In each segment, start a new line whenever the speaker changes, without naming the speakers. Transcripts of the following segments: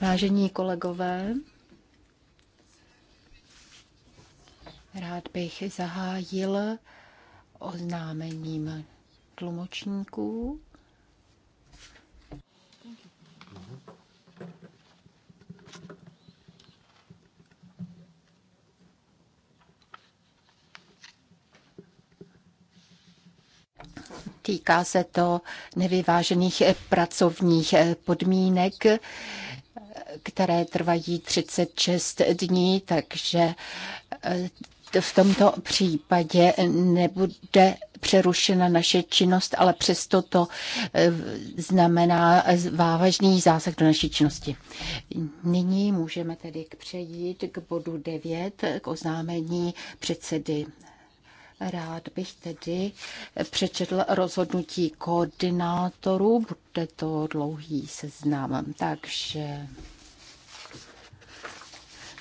Vážení kolegové, rád bych zahájil oznámením tlumočníků. Týká se to nevyvážených pracovních podmínek, které trvají 36 dní, takže eh, v tomto případě nebude přerušena naše činnost, ale přesto to eh, znamená vážný zásah do naší činnosti. Nyní můžeme tedy přejít k bodu 9, k oznámení předsedy Rád bych tedy přečetl rozhodnutí koordinátorů, bude to dlouhý seznam, takže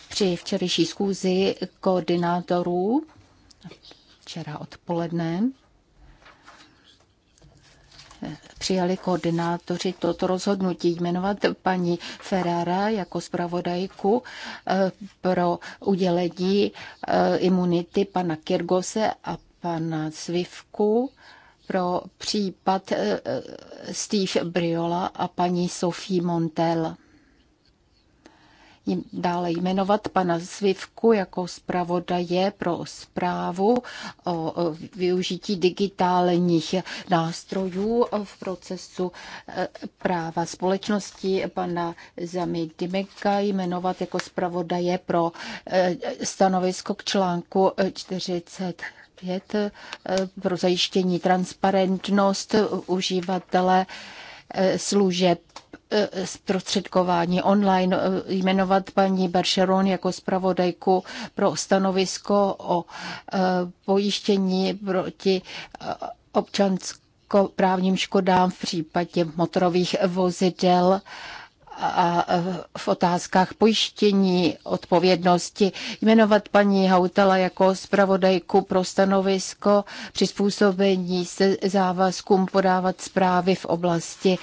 při včerejší schůzi koordinátorů včera odpoledne přijali koordinátoři toto rozhodnutí jmenovat paní Ferrara jako zpravodajku eh, pro udělení eh, imunity pana Kirgose a pana Svivku pro případ eh, Steve Briola a paní Sophie Montel dále jmenovat pana Zvivku jako zpravodaje pro zprávu o využití digitálních nástrojů v procesu e, práva společnosti, pana Zami Dimeka jmenovat jako zpravodaje pro e, stanovisko k článku 40 e, pro zajištění transparentnost uživatele Eh, služeb eh, zprostředkování online eh, jmenovat paní Baršeron jako zpravodajku pro stanovisko o pojištění proti občanskoprávním škodám v případě motorových vozidel a v otázkách pojištění odpovědnosti jmenovat paní Hautala jako zpravodajku pro stanovisko přizpůsobení se závazkům podávat zprávy v oblasti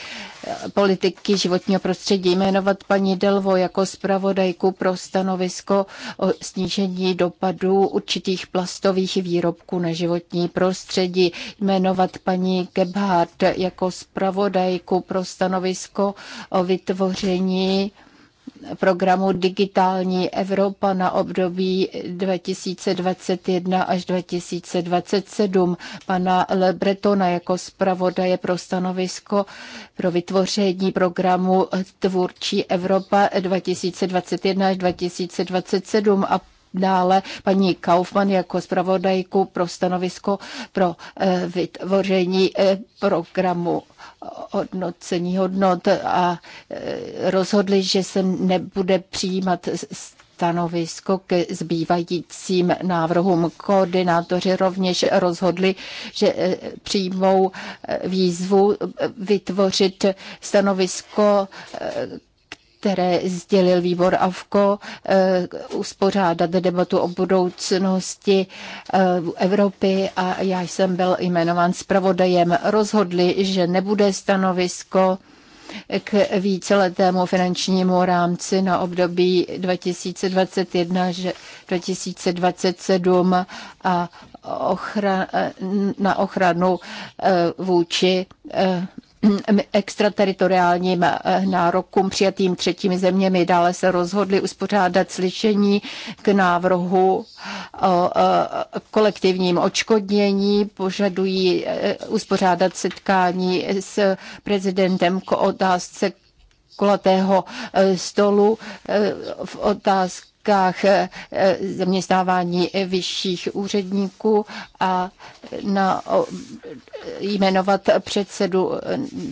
eh, politiky životního prostředí, jmenovat paní Delvo jako zpravodajku pro stanovisko o snížení dopadů určitých plastových výrobků na životní prostředí, jmenovat paní Gebhardt jako zpravodajku pro stanovisko o vytvoření dokončení programu Digitální Evropa na období 2021 až 2027 pana Lebretona jako zpravodaje pro stanovisko pro vytvoření programu Tvůrčí Evropa 2021 až 2027 a dále paní Kaufmann jako zpravodajku pro stanovisko pro eh, vytvoření eh, programu hodnocení hodnot a eh, rozhodli, že se nebude přijímat stanovisko k zbývajícím návrhům. Koordinátoři rovněž rozhodli, že přijmou výzvu vytvořit stanovisko které sdělil výbor AVKO, eh, uspořádat debatu o budoucnosti eh, Evropy a já jsem byl jmenován zpravodajem. Rozhodli, že nebude stanovisko k víceletému finančnímu rámci na období 2021 2027 a ochra, na ochranu eh, vůči Mm, extrateritoriálním eh, nárokům přijatým třetími zeměmi. Dále se rozhodli uspořádat slyšení k návrhu o eh, kolektivním očkodnění. Požadují eh, uspořádat setkání s prezidentem k otázce kolatého stolu v otázce podmínkách eh, eh, zaměstnávání vyšších úředníků a na jmenovat předsedu eh,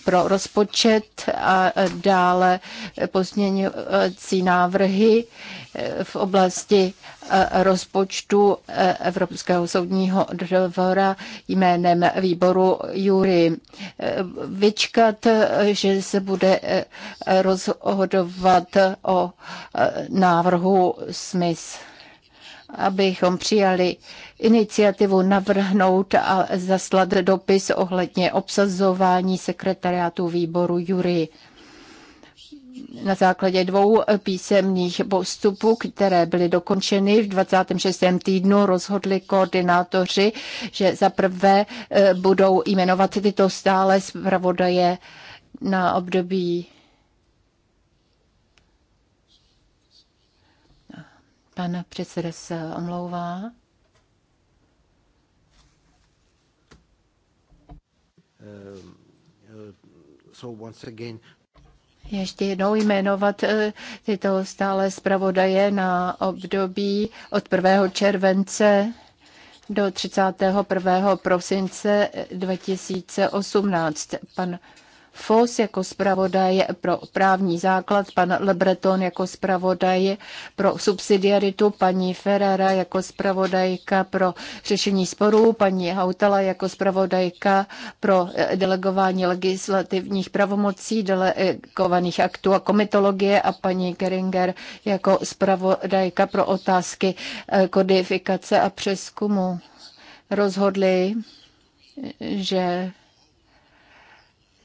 pro rozpočet a dále pozměňovací návrhy v oblasti Eh, rozpočtu eh, Evropského soudního dvora jménem výboru Jury. Eh, vyčkat, že se bude rozhodovat o návrhu SMIS abychom přijali iniciativu navrhnout a zaslat dopis ohledně obsazování sekretariátu výboru Jury na základě dvou písemných postupů, které byly dokončeny v 26. týdnu, rozhodli koordinátoři, že zaprvé eh, budou jmenovat tyto stále zpravodaje na období Pan předseda se omlouvá.
Um, uh, so once again,
ještě jednou jmenovat eh, tyto stále zpravodaje na období od 1. července do 31. prosince 2018. Eh, Pan Fos jako zpravodaj pro právní základ, pan Lebreton jako zpravodaj pro subsidiaritu, paní Ferrara jako zpravodajka pro řešení sporů, paní Hautala jako zpravodajka pro eh, delegování legislativních pravomocí, delegovaných aktů a komitologie a paní Geringer jako zpravodajka pro otázky eh, kodifikace a přeskumu rozhodli, že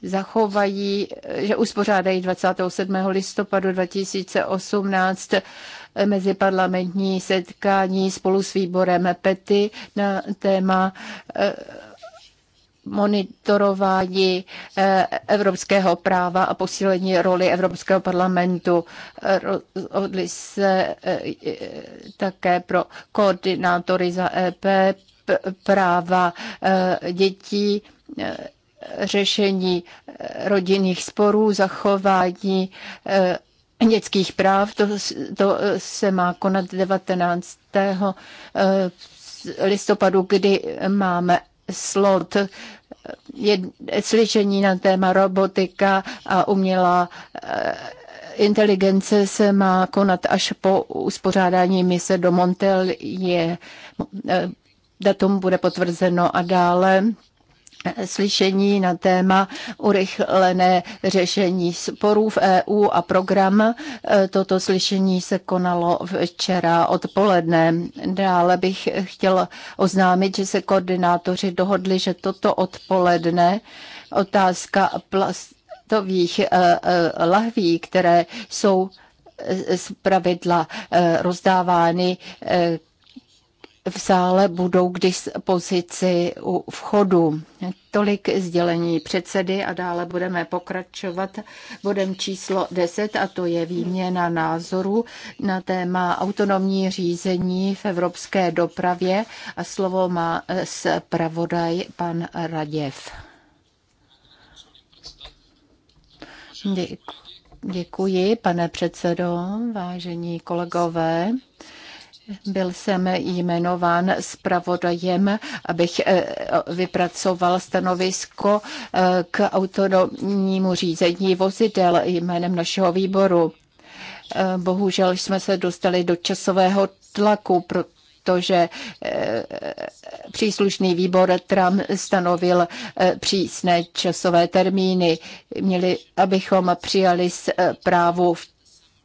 zachovají, že uspořádají 27. listopadu 2018 meziparlamentní setkání spolu s výborem PETY na téma eh, monitorování eh, evropského práva a posílení roli Evropského parlamentu. Rozhodli se eh, také pro koordinátory za EP práva dětí řešení eh, rodinných sporů, zachování eh, dětských práv. To, to eh, se má konat 19. listopadu, kdy máme slot slyšení na téma robotika a umělá inteligence se má konat až po uspořádání mise do Montel. Je, datum bude potvrzeno a dále slyšení na téma urychlené řešení sporů v EU a program. Toto slyšení se konalo včera odpoledne. Dále bych chtěla oznámit, že se koordinátoři dohodli, že toto odpoledne otázka plastových eh, eh, lahví, které jsou z pravidla eh, rozdávány v sále budou k dispozici u vchodu. Tolik sdělení předsedy a dále budeme pokračovat bodem číslo 10 a to je výměna názoru na téma autonomní řízení v evropské dopravě a slovo má zpravodaj pan Raděv. Děkuji, pane předsedo, vážení kolegové. Byl jsem jmenován zpravodajem, abych eh, vypracoval stanovisko eh, k autonomnímu řízení vozidel jménem našeho výboru. Eh, bohužel jsme se dostali do časového tlaku, protože příslušný výbor Tram stanovil přísné časové termíny. Měli, abychom přijali zprávu v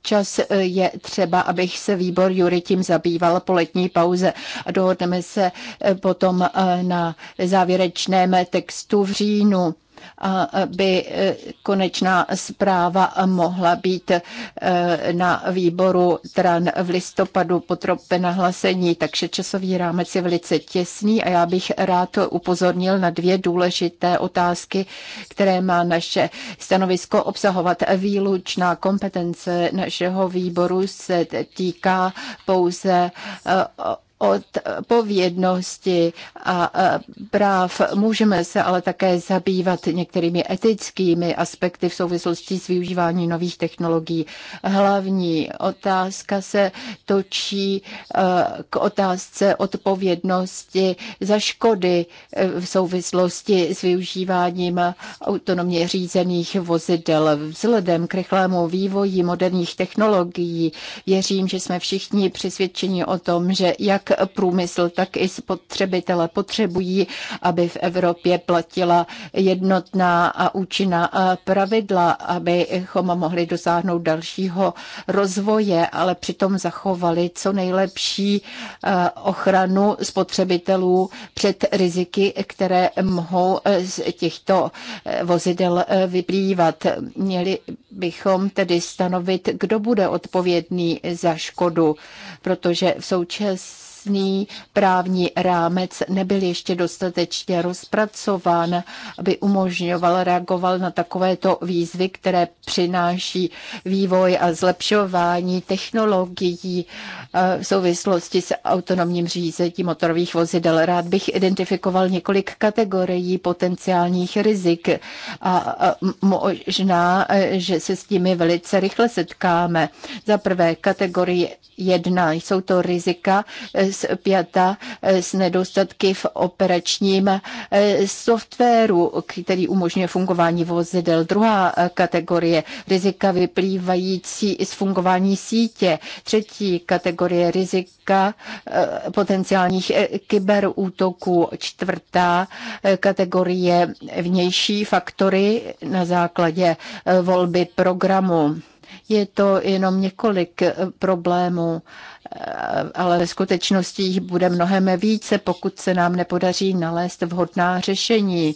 čas eh, je třeba, abych se výbor Jury tím zabýval po letní pauze a dohodneme se eh, potom eh, na závěrečném textu v říjnu aby e, konečná zpráva mohla být e, na výboru TRAN v listopadu potropena hlasení, takže časový rámec je velice těsný a já bych rád upozornil na dvě důležité otázky, které má naše stanovisko obsahovat. Výlučná kompetence našeho výboru se týká pouze e, od povědnosti a práv. Můžeme se ale také zabývat některými etickými aspekty v souvislosti s využíváním nových technologií. Hlavní otázka se točí e, k otázce odpovědnosti za škody e, v souvislosti s využíváním autonomně řízených vozidel. Vzhledem k rychlému vývoji moderních technologií věřím, že jsme všichni přesvědčeni o tom, že jak průmysl, tak i spotřebitele potřebují, aby v Evropě platila jednotná a účinná pravidla, abychom mohli dosáhnout dalšího rozvoje, ale přitom zachovali co nejlepší eh, ochranu spotřebitelů před riziky, které mohou z těchto eh, vozidel eh, vyplývat. Měli bychom tedy stanovit, kdo bude odpovědný za škodu, protože v současné jasný právní rámec nebyl ještě dostatečně rozpracován, aby umožňoval, reagoval na takovéto výzvy, které přináší vývoj a zlepšování technologií eh, v souvislosti s autonomním řízením motorových vozidel. Rád bych identifikoval několik kategorií potenciálních rizik a možná, eh, že se s nimi velice rychle setkáme. Za prvé kategorie jedna jsou to rizika eh, spjata eh, s nedostatky v operačním eh, softwaru, který umožňuje fungování vozidel. Druhá eh, kategorie rizika vyplývající z fungování sítě. Třetí kategorie rizika potenciálních kyberútoků. Čtvrtá kategorie vnější faktory na základě volby programu. Je to jenom několik problémů, ale ve skutečnosti jich bude mnohem více, pokud se nám nepodaří nalézt vhodná řešení.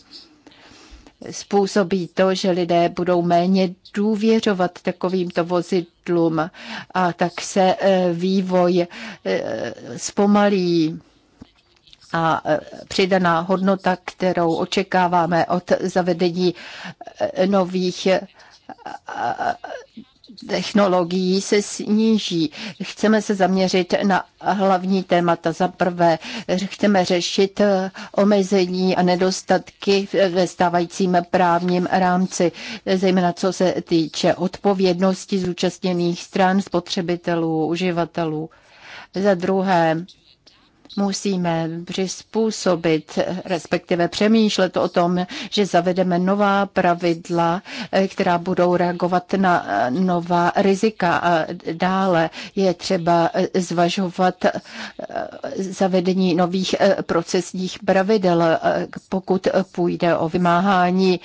Způsobí to, že lidé budou méně důvěřovat takovýmto vozidlům a tak se e, vývoj e, zpomalí a e, přidaná hodnota, kterou očekáváme od zavedení nových technologií se sníží. Chceme se zaměřit na hlavní témata. Za prvé, chceme řešit eh, omezení a nedostatky ve stávajícím právním rámci, zejména co se týče odpovědnosti zúčastněných stran, spotřebitelů, uživatelů. Za druhé, musíme přizpůsobit, respektive přemýšlet o tom, že zavedeme nová pravidla, eh, která budou reagovat na eh, nová rizika a dále je třeba eh, zvažovat zavedení nových procesních pravidel, pokud půjde o vymáhání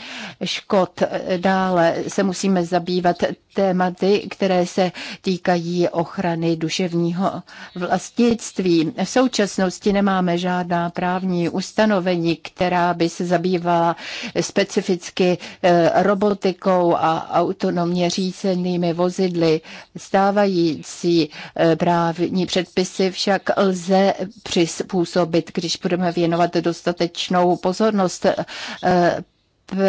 škod. Dále se musíme zabývat tématy, které se týkají ochrany duševního vlastnictví. V současnosti nemáme žádná právní ustanovení, která by se zabývala specificky eh, robotikou a autonomně řízenými vozidly. Stávající eh, právní předpisy však lze přizpůsobit, když budeme věnovat dostatečnou pozornost eh,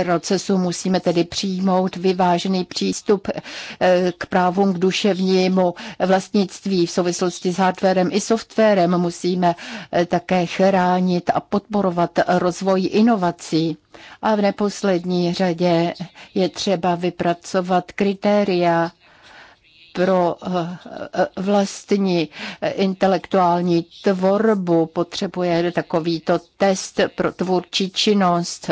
procesu musíme tedy přijmout vyvážený přístup eh, k právům k duševnímu vlastnictví v souvislosti s hardwarem i softwarem. Musíme eh, také chránit a podporovat rozvoj inovací. A v neposlední řadě je třeba vypracovat kritéria pro eh, vlastní intelektuální tvorbu potřebuje takovýto test pro tvůrčí činnost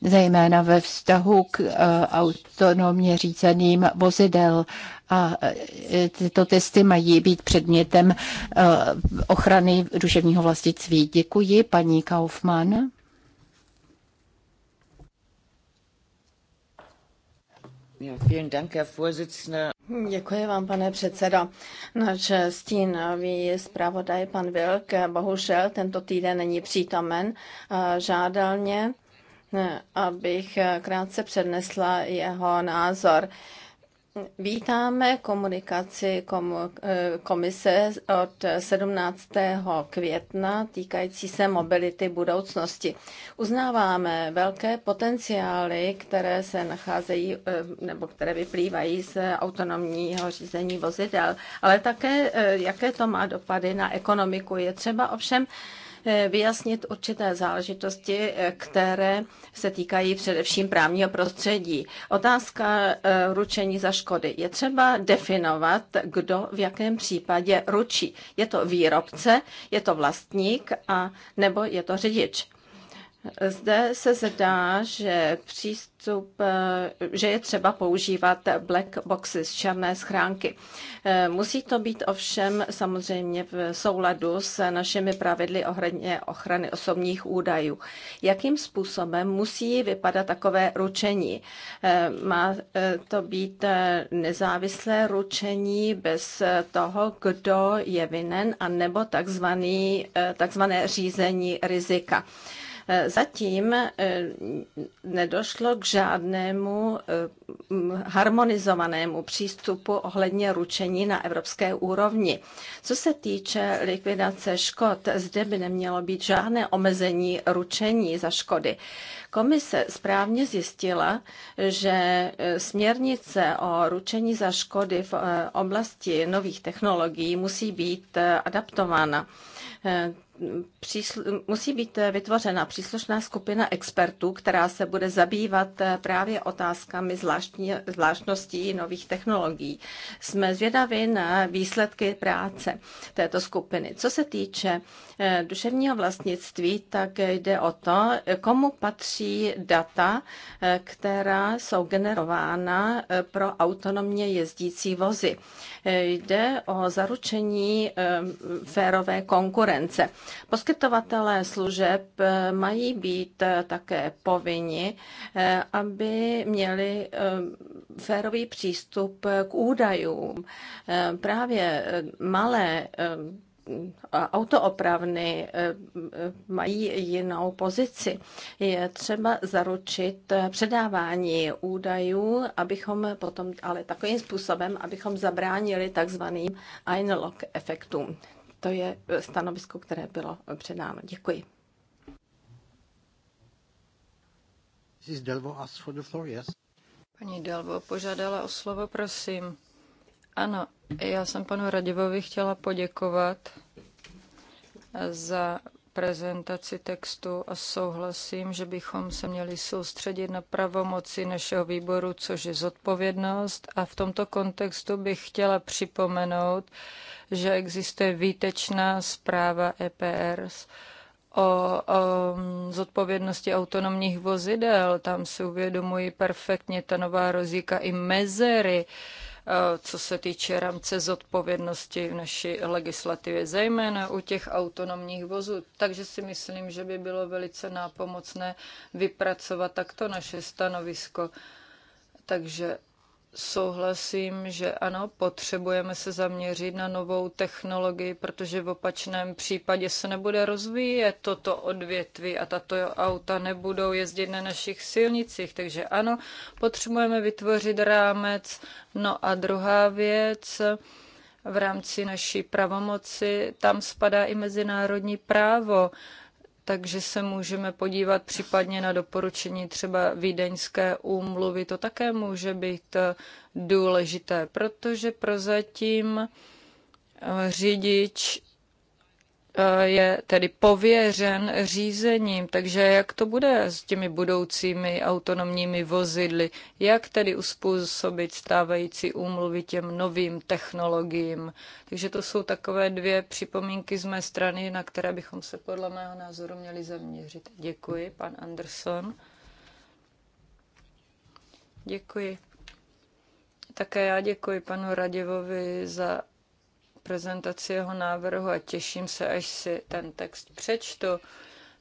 zejména ve vztahu k eh, autonomně řízeným vozidel. A eh, tyto testy mají být předmětem eh, ochrany duševního vlastnictví. Děkuji, paní Kaufmann.
Děkuji vám, pane předsedo. Náš stínový zpravodaj, pan Vilk, bohužel tento týden není přítomen, žádal mě, abych eh, krátce přednesla jeho názor. Vítáme komunikaci eh, komise od 17. května týkající se mobility budoucnosti. Uznáváme velké potenciály, které se nacházejí eh, nebo které vyplývají z autonomního řízení vozidel, ale také jaké to má dopady na ekonomiku. Je třeba ovšem Eh, vyjasnit určité záležitosti, eh, které se týkají především právního prostředí. Otázka eh, ručení za škody. Je třeba definovat, kdo v jakém případě ručí. Je to výrobce, je to vlastník a nebo je to řidič. Zde se zdá, že přístup, eh, že je třeba používat black boxes, černé schránky. Eh, musí to být ovšem samozřejmě v souladu s našimi pravidly ohledně ochrany osobních údajů. Jakým způsobem musí vypadat takové ručení? Eh, má to být nezávislé ručení bez toho, kdo je vinen, anebo takzvané řízení rizika. Zatím eh, nedošlo k žádnému eh, harmonizovanému přístupu ohledně ručení na evropské úrovni. Co se týče likvidace škod, zde by nemělo být žádné omezení ručení za škody. Komise správně zjistila, že eh, směrnice o ručení za škody v oblasti nových technologií musí být adaptována přísl- musí být eh, vytvořena příslušná skupina expertů, která se bude zabývat eh, právě otázkami zvláštní, zvláštností nových technologií. Jsme zvědaví na výsledky práce této skupiny. Co se týče eh, duševního vlastnictví, tak jde o to, komu patří data, která jsou generována pro autonomně jezdící vozy. Jde o zaručení férové konkurence. Poskytovatelé služeb eh, mají být eh, také povinni, eh, aby měli férový přístup k údajům. Právě malé autoopravny mají jinou pozici. Je třeba zaručit předávání údajů, abychom potom, ale takovým způsobem, abychom zabránili takzvaným analog efektům to je stanovisko, které bylo předáno. Děkuji.
Paní Delvo požádala o slovo, prosím. Ano, já jsem panu Radivovi chtěla poděkovat za prezentaci textu a souhlasím, že bychom se měli soustředit na pravomoci našeho výboru, což je zodpovědnost. A v tomto kontextu bych chtěla připomenout, že existuje výtečná zpráva EPRS o, o mm, zodpovědnosti autonomních vozidel. Tam si uvědomují perfektně ta nová rozjíka i mezery, uh, Eh, co se týče rámce zodpovědnosti v naší legislativě, zejména u těch autonomních vozů. Takže si myslím, že by bylo velice nápomocné vypracovat takto naše stanovisko. Takže souhlasím, že ano, potřebujeme se zaměřit na novou technologii, protože v opačném případě se nebude rozvíjet toto odvětví a tato auta nebudou jezdit na našich silnicích. Takže ano, potřebujeme vytvořit rámec. No a druhá věc, v rámci naší pravomoci, tam spadá i mezinárodní právo takže se můžeme podívat případně na doporučení třeba vídeňské úmluvy. To také může být eh, důležité, protože prozatím eh, řidič Eh, je tedy pověřen řízením, takže jak to bude s těmi budoucími autonomními vozidly, jak tedy uspůsobit stávající úmluvy těm novým technologiím. Takže to jsou takové dvě připomínky z mé strany, na které bychom se podle mého názoru měli zaměřit. Děkuji, pan Anderson. Děkuji. Také já děkuji panu Raděvovi za prezentaci jeho návrhu a těším se, až si ten text přečtu.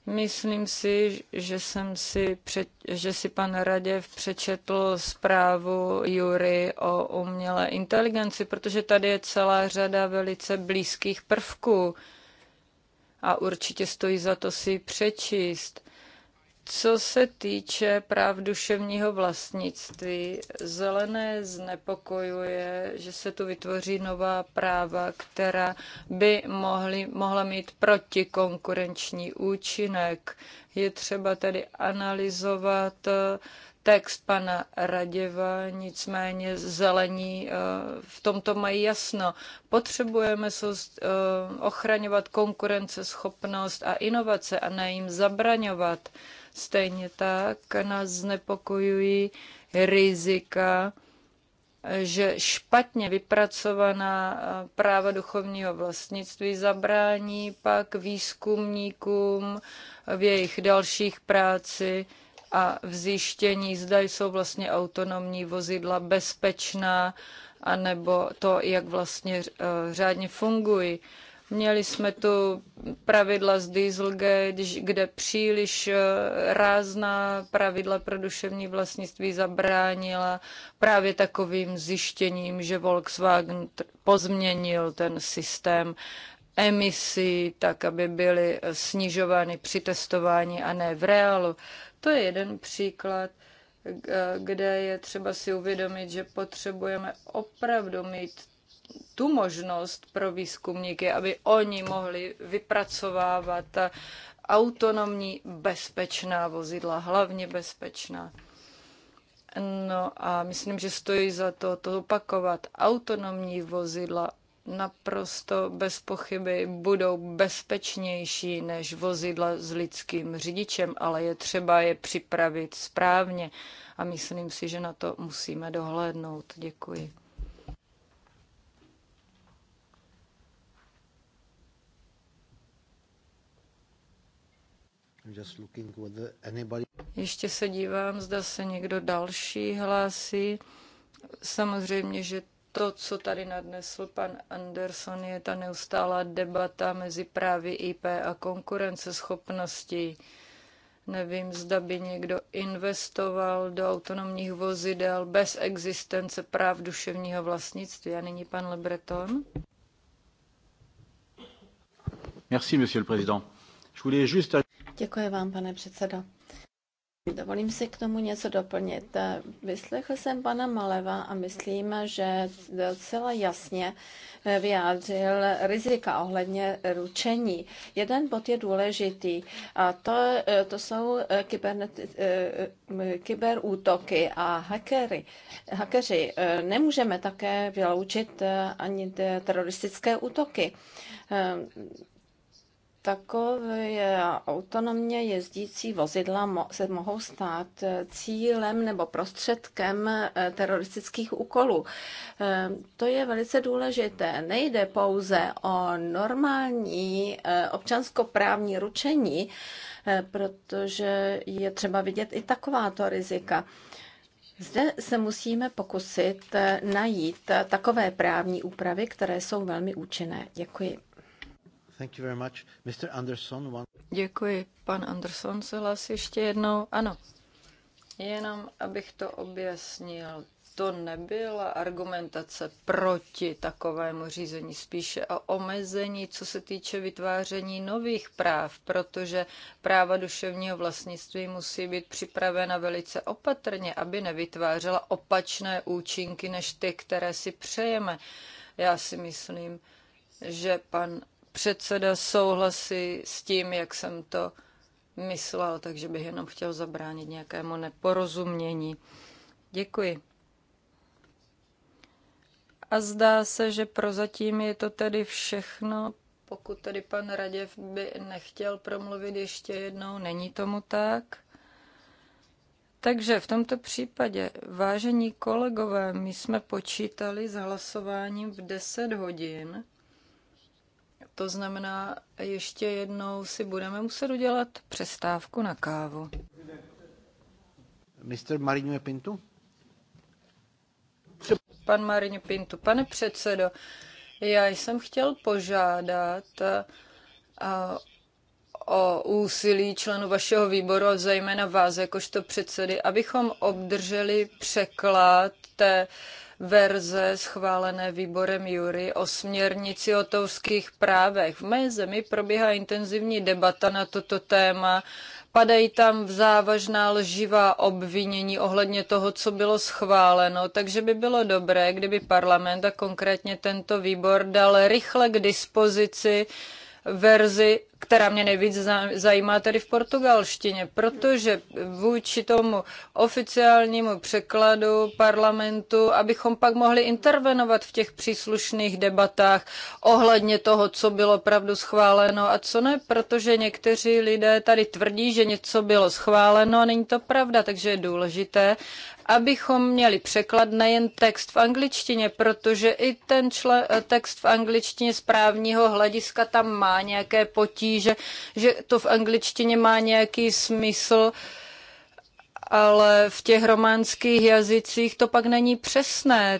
Myslím si, že, jsem si před, že si pan Raděv přečetl zprávu Jury o umělé inteligenci, protože tady je celá řada velice blízkých prvků a určitě stojí za to si ji přečíst. Co se týče práv duševního vlastnictví, zelené znepokojuje, že se tu vytvoří nová práva, která by mohly, mohla mít protikonkurenční účinek. Je třeba tedy analyzovat eh, text pana Raděva, nicméně zelení eh, v tomto mají jasno. Potřebujeme eh, ochraňovat konkurenceschopnost a inovace a ne jim zabraňovat. Stejně tak nás znepokojují rizika, že špatně vypracovaná práva duchovního vlastnictví zabrání pak výzkumníkům v jejich dalších práci a v zjištění, zda jsou vlastně autonomní vozidla bezpečná, anebo to, jak vlastně eh, řádně fungují. Měli jsme tu pravidla z Dieselgate, kde příliš eh, rázná pravidla pro duševní vlastnictví zabránila právě takovým zjištěním, že Volkswagen pozměnil ten systém emisí, tak aby byly eh, snižovány při testování a ne v reálu. To je jeden příklad eh, kde je třeba si uvědomit, že potřebujeme opravdu mít tu možnost pro výzkumníky, aby oni mohli vypracovávat autonomní bezpečná vozidla, hlavně bezpečná. No a myslím, že stojí za to to opakovat. Autonomní vozidla naprosto bez pochyby budou bezpečnější než vozidla s lidským řidičem, ale je třeba je připravit správně a myslím si, že na to musíme dohlédnout. Děkuji. Ještě se dívám, zda se někdo další hlásí. Samozřejmě, že to, co tady nadnesl pan Anderson, je ta neustálá debata mezi právy IP a konkurenceschopností. Nevím, zda by někdo investoval do autonomních vozidel bez existence práv duševního vlastnictví. A nyní pan Lebreton.
Merci, monsieur le président. Je voulais juste...
Děkuji vám, pane předsedo. Dovolím si k tomu něco doplnit. Vyslechl jsem pana Maleva a myslím, že docela jasně vyjádřil rizika ohledně ručení. Jeden bod je důležitý a to, to jsou kyberneti, kyberútoky a hackery. hackeři. Nemůžeme také vyloučit ani teroristické útoky takové autonomně jezdící vozidla se mohou stát eh, cílem nebo prostředkem eh, teroristických úkolů. Eh, to je velice důležité. Nejde pouze o normální občanskoprávní ručení, protože je třeba vidět i takováto rizika. Zde se musíme pokusit najít takové právní úpravy, které jsou velmi účinné. Děkuji.
Děkuji. Pan Anderson se hlásí ještě jednou. Ano, jenom abych to objasnil. To nebyla argumentace proti takovému řízení, spíše o omezení, co se týče vytváření nových práv, protože práva duševního vlastnictví musí být připravena velice opatrně, aby nevytvářela opačné účinky než ty, které si přejeme. Já si myslím, že pan Předseda souhlasí s tím, jak jsem to myslel, takže bych jenom chtěl zabránit nějakému neporozumění. Děkuji. A zdá se, že prozatím je to tedy všechno. Pokud tedy pan Raděv by nechtěl promluvit ještě jednou, není tomu tak. Takže v tomto případě, vážení kolegové, my jsme počítali s hlasováním v 10 hodin. To znamená, ještě jednou si budeme muset udělat přestávku na kávu.
Mr. Marino Pintu?
Pan Marino Pintu, pane předsedo, já jsem chtěl požádat a, eh, o úsilí členů vašeho výboru, zejména vás, jakožto předsedy, abychom obdrželi překlad té verze schválené výborem Jury o směrnici o autorských právech. V mé zemi probíhá intenzivní debata na toto téma. Padají tam závažná lživá obvinění ohledně toho, co bylo schváleno, takže by bylo dobré, kdyby parlament a konkrétně tento výbor dal rychle k dispozici verzi která mě nejvíc zajímá tady v portugalštině, protože vůči tomu oficiálnímu překladu parlamentu, abychom pak mohli intervenovat v těch příslušných debatách ohledně toho, co bylo pravdu schváleno a co ne, protože někteří lidé tady tvrdí, že něco bylo schváleno a není to pravda, takže je důležité, abychom měli překlad nejen text v angličtině, protože i ten text v angličtině z právního hlediska tam má nějaké potíže že, že to v angličtině má nějaký smysl, ale v těch románských jazycích to pak není přesné,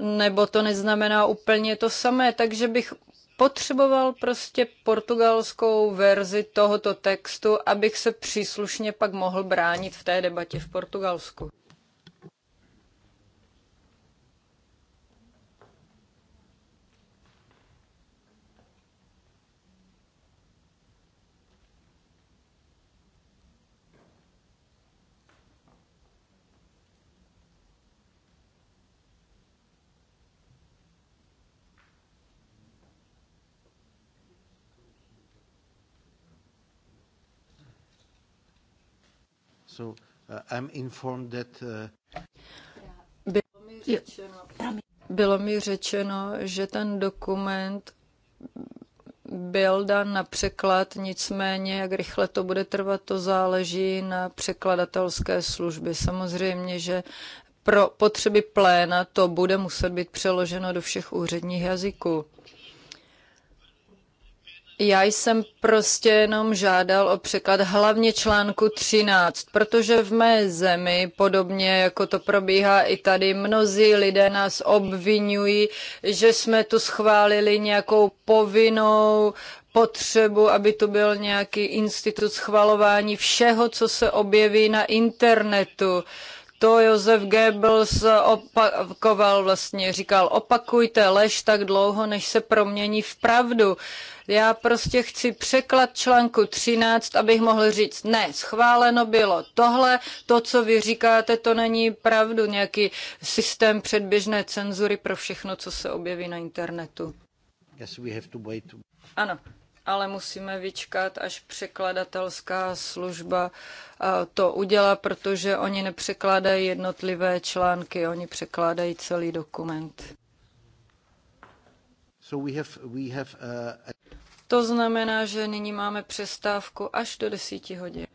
nebo to neznamená úplně to samé, takže bych potřeboval prostě portugalskou verzi tohoto textu, abych se příslušně pak mohl bránit v té debatě v Portugalsku.
So uh, I'm informed that... Uh...
Bylo mi řečeno, že ten dokument byl dan na překlad, nicméně jak rychle to bude trvat, to záleží na překladatelské služby. Samozřejmě, že pro potřeby pléna to bude muset být přeloženo do všech úředních jazyků. Já jsem prostě jenom žádal o překlad hlavně článku 13, protože v mé zemi, podobně jako to probíhá i tady, mnozí lidé nás obvinují, že jsme tu schválili nějakou povinnou potřebu, aby tu byl nějaký institut schvalování všeho, co se objeví na internetu. Uh, to Josef Goebbels opakoval vlastně, říkal, opakujte lež tak dlouho, než se promění v pravdu. Já prostě chci překlad článku 13, abych mohl říct, ne, schváleno bylo tohle, to, co vy říkáte, to není pravdu, nějaký systém předběžné cenzury pro všechno, co se objeví na internetu. Ano, ale musíme vyčkat, až překladatelská služba to udělá, protože oni nepřekládají jednotlivé články, oni překládají celý dokument.
So we have, we have, uh...
To znamená, že nyní máme přestávku až do 10 hodin.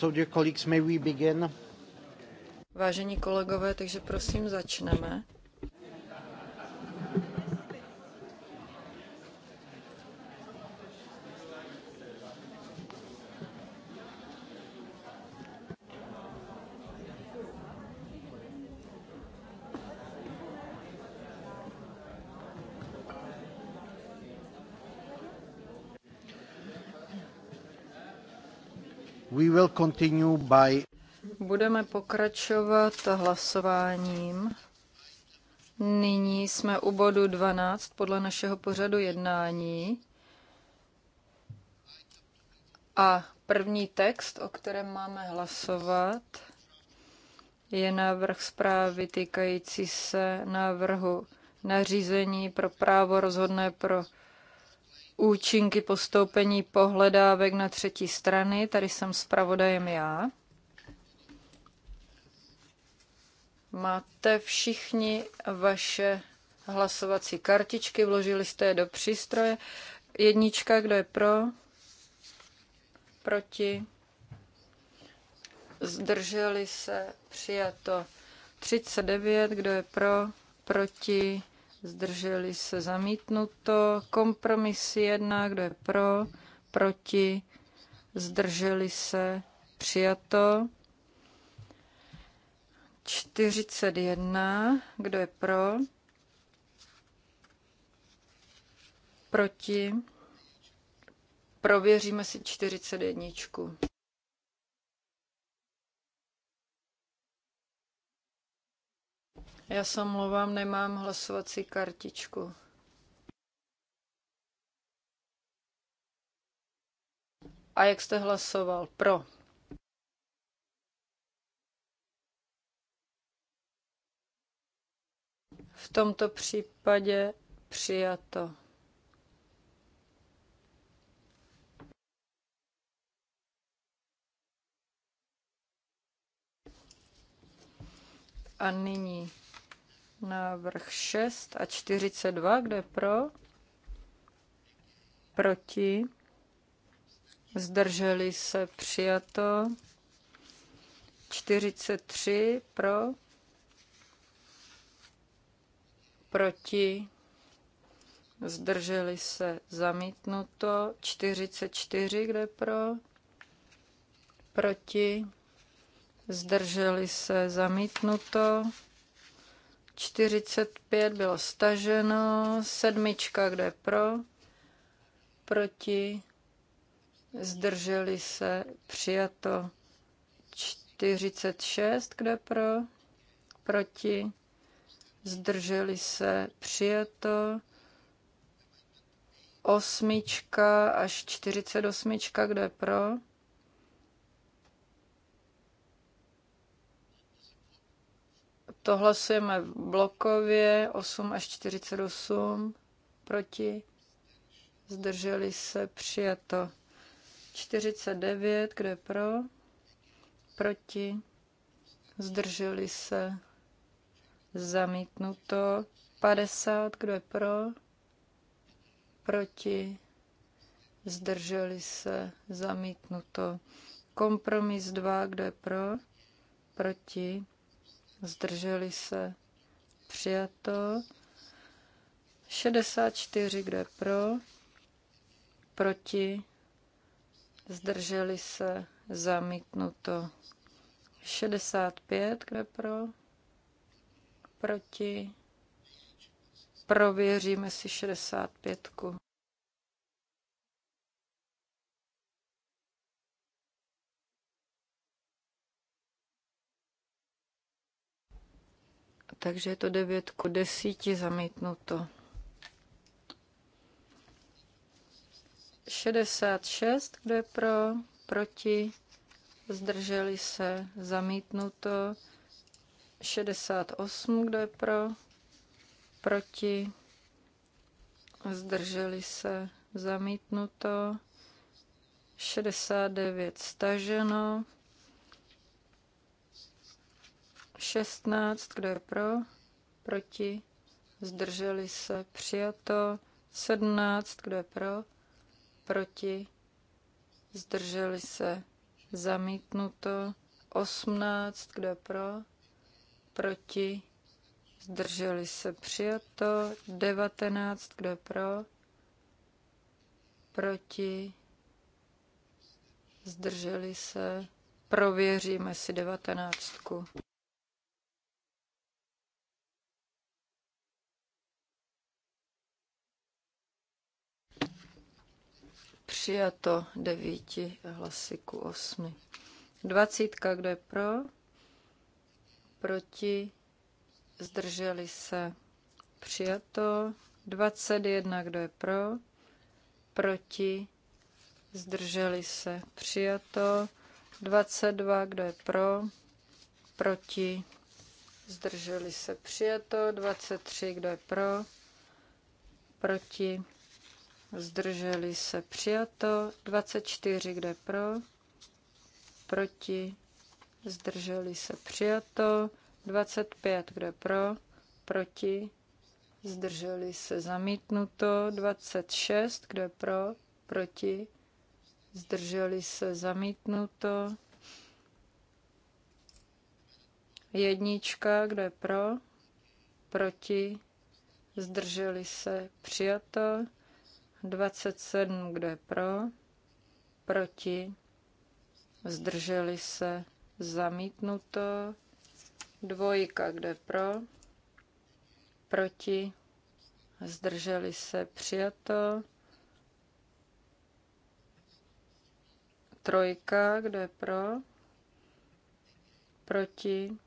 So, dear colleagues, may we begin?
Vážení kolegové, takže prosím začneme.
continue by...
Budeme pokračovat hlasováním. Nyní jsme u bodu 12 podle našeho pořadu jednání. A první text, o kterém máme hlasovat, je návrh zprávy týkající se návrhu nařízení pro právo rozhodné pro účinky postoupení pohledávek na třetí strany. Tady jsem zpravodajem já. Máte všichni vaše hlasovací kartičky, vložili jste je do přístroje. Jednička, kdo je pro? Proti?
Zdrželi
se, přijato 39, kdo je pro? Proti? zdrželi se zamítnuto, kompromis jedna kdo je pro, proti, zdrželi se přijato, 41, kdo je pro, proti, prověříme si 41. Já se omlouvám, nemám hlasovací kartičku. A jak jste hlasoval? Pro. V tomto případě přijato. A nyní Návrh 6 a 42, kde pro? Proti? Zdrželi se přijato. 43 pro? Proti?
Zdrželi
se zamítnuto. 44, kde pro? Proti? Zdrželi se zamítnuto. 45 bylo staženo, sedmička, kde je pro, proti, zdrželi se, přijato 46, kde pro, proti, zdrželi se, přijato osmička až 48, kde pro, To hlasujeme v blokově 8 až 48 proti. Zdrželi se přijato 49, kde pro, proti. Zdrželi se zamítnuto 50, kdo je pro, proti. Zdrželi se zamítnuto kompromis 2, kdo je pro, proti zdrželi se, přijato. 64, kde pro, proti, zdrželi se, zamítnuto. 65, kde pro, proti, prověříme si 65. takže je to 9 ku 10 zamítnuto. 66, kdo je pro, proti, zdrželi se, zamítnuto. 68, kdo je pro, proti, zdrželi se, zamítnuto. 69, staženo. 16, kdo je pro, proti, zdrželi se, přijato. 17, kdo je pro, proti, zdrželi se, zamítnuto. 18, kdo je pro, proti, zdrželi se, přijato. 19, kdo je pro, proti, zdrželi se, prověříme si devatenáctku. Přijato devíti hlasy ku osmi. Dvacítka, kdo je pro? Proti? Zdrželi se. Přijato. 21, kdo je pro? Proti? Zdrželi se. Přijato. 22, kdo je pro? Proti? Zdrželi se. Přijato. 23, kdo je pro? Proti? zdrželi se přijato, 24, kde pro, proti, zdrželi se přijato, 25, kde pro, proti, zdrželi se zamítnuto, 26, kde pro, proti, zdrželi se zamítnuto, jednička, kde pro, proti, zdrželi se přijato, 27, kdo je pro, proti, zdrželi se, zamítnuto, dvojka, kdo je pro, proti, zdrželi se, přijato, trojka, kdo je pro, proti,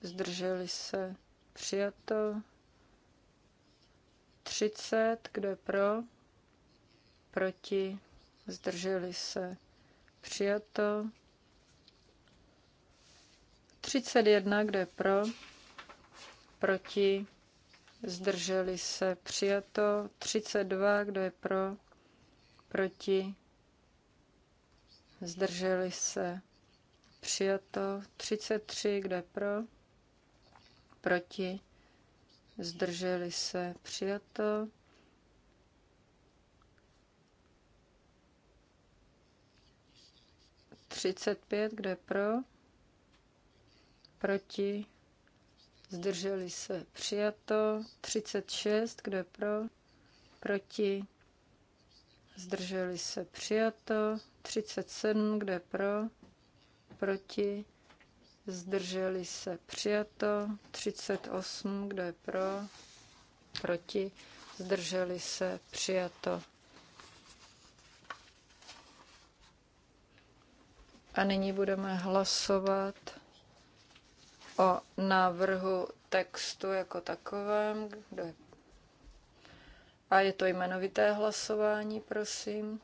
zdrželi se, přijato, 30, kdo je pro, proti, zdrželi se, přijato. 31, kde pro, proti, zdrželi se, přijato. 32, kdo je pro, proti, zdrželi se, přijato. 33, kdo je pro, proti, zdrželi se, přijato. 35, kde pro, proti, zdrželi se přijato, 36, kde pro, proti, zdrželi se přijato, 37, kde pro, proti, zdrželi se přijato, 38, kde pro, proti, zdrželi se přijato. A nyní budeme hlasovat o návrhu textu jako takovém. Kdo je? A je to jmenovité hlasování, prosím.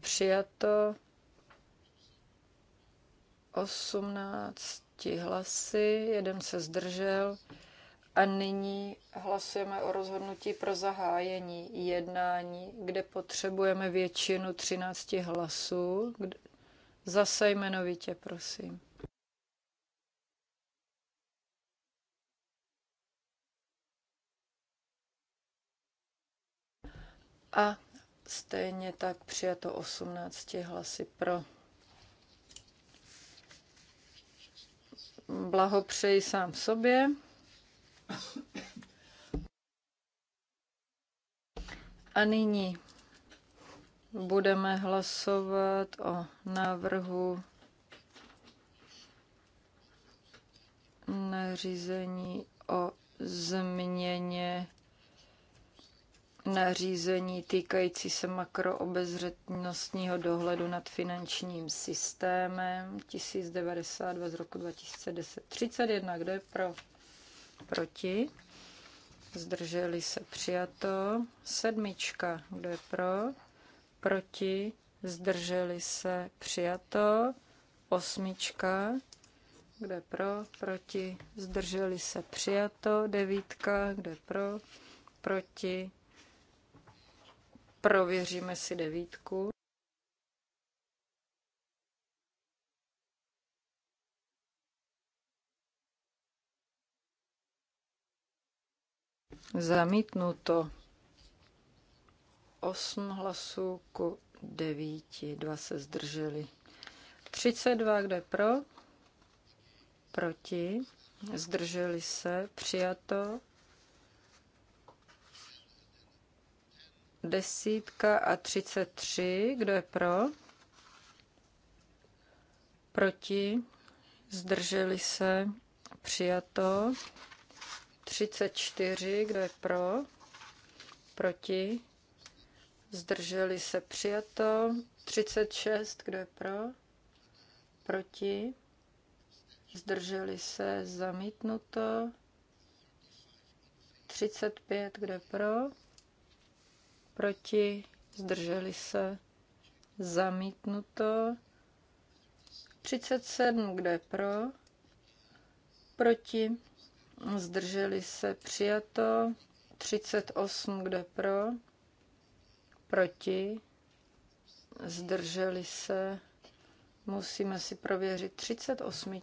Přijato 18 hlasy, jeden se zdržel. A nyní hlasujeme o rozhodnutí pro zahájení jednání, kde potřebujeme většinu 13 hlasů. Zase jmenovitě, prosím. A stejně tak přijato 18 hlasy pro. Blahopřeji sám sobě. A nyní budeme hlasovat o návrhu nařízení o změně nařízení týkající se makroobezřetnostního dohledu nad finančním systémem 1092 z roku 2010. 31, kdo je pro? Proti? Zdrželi se přijato. Sedmička. Kdo je pro? Proti? Zdrželi se přijato. Osmička. Kdo je pro? Proti? Zdrželi se přijato. Devítka. Kdo je pro? Proti? Prověříme si devítku. Zamítnuto. 8 hlasů ku 9, 2 se zdrželi. 32, kde pro? Proti. Zdrželi se. Přijato. Desítka a 33, kdo je pro? Proti. Zdrželi se. Přijato. 34, kdo je pro? Proti? Zdrželi se přijato. 36, kdo je pro? Proti? Zdrželi se zamítnuto. 35, kdo je pro? Proti? Zdrželi se zamítnuto. 37, kdo je pro? Proti? zdrželi se přijato, 38, kde pro, proti, zdrželi se, musíme si prověřit 38.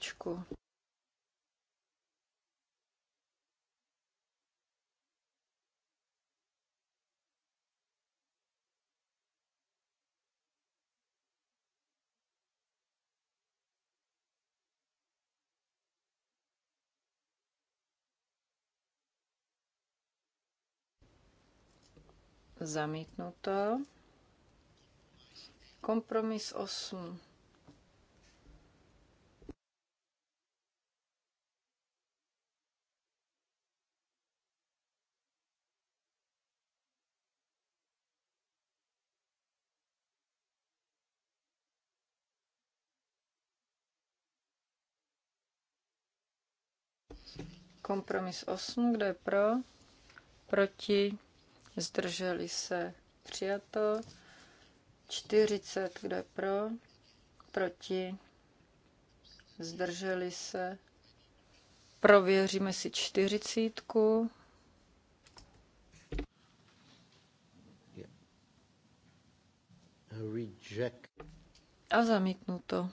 Zamítnuto. Kompromis 8. Kompromis 8, kdo je pro? Proti? zdrželi se, přijato. 40, kdo je pro, proti, zdrželi se. Prověříme si čtyřicítku. A zamítnu to.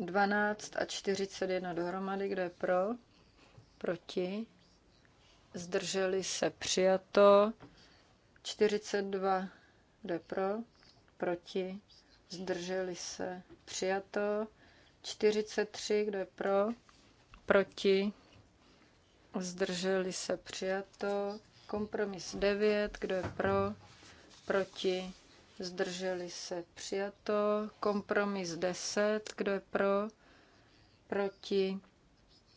12 a 41 dohromady, kdo je pro, proti, zdrželi se přijato, 42, kdo je pro, proti, zdrželi se přijato, 43, kdo je pro, proti, zdrželi se přijato, kompromis 9, kdo je pro, proti, zdrželi se přijato. Kompromis 10, kdo je pro, proti,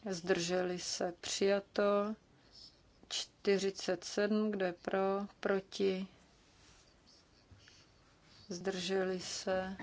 zdrželi se přijato. 47, kdo je pro, proti, zdrželi se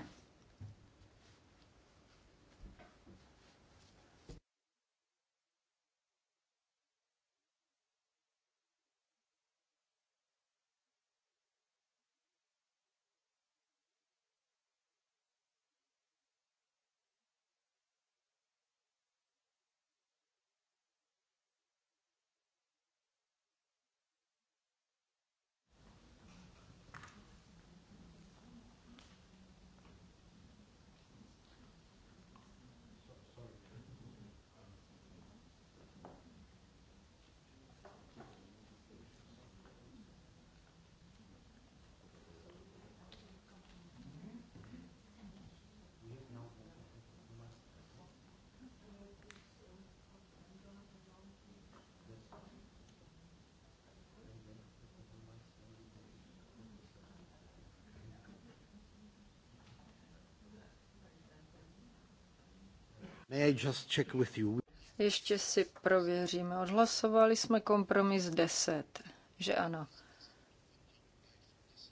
Ještě si prověříme. Odhlasovali jsme kompromis 10, že ano.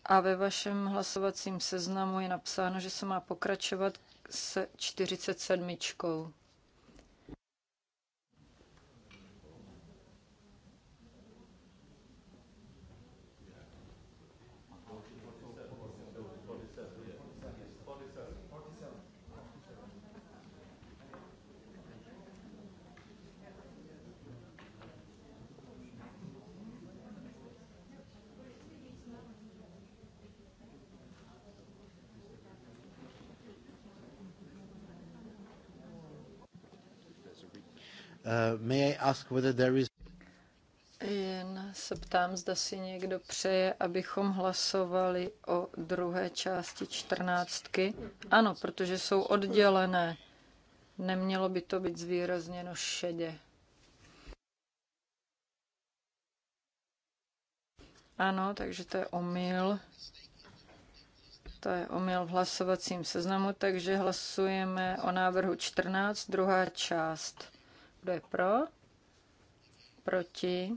A ve vašem hlasovacím seznamu je napsáno, že se má pokračovat se 47. Jen se ptám, zda si někdo přeje, abychom hlasovali o druhé části čtrnáctky. Ano, protože jsou oddělené. Nemělo by to být zvýrazněno šedě. Ano, takže to je omyl. To je omyl v hlasovacím seznamu, takže hlasujeme o návrhu 14, druhá část. Kdo je pro? proti.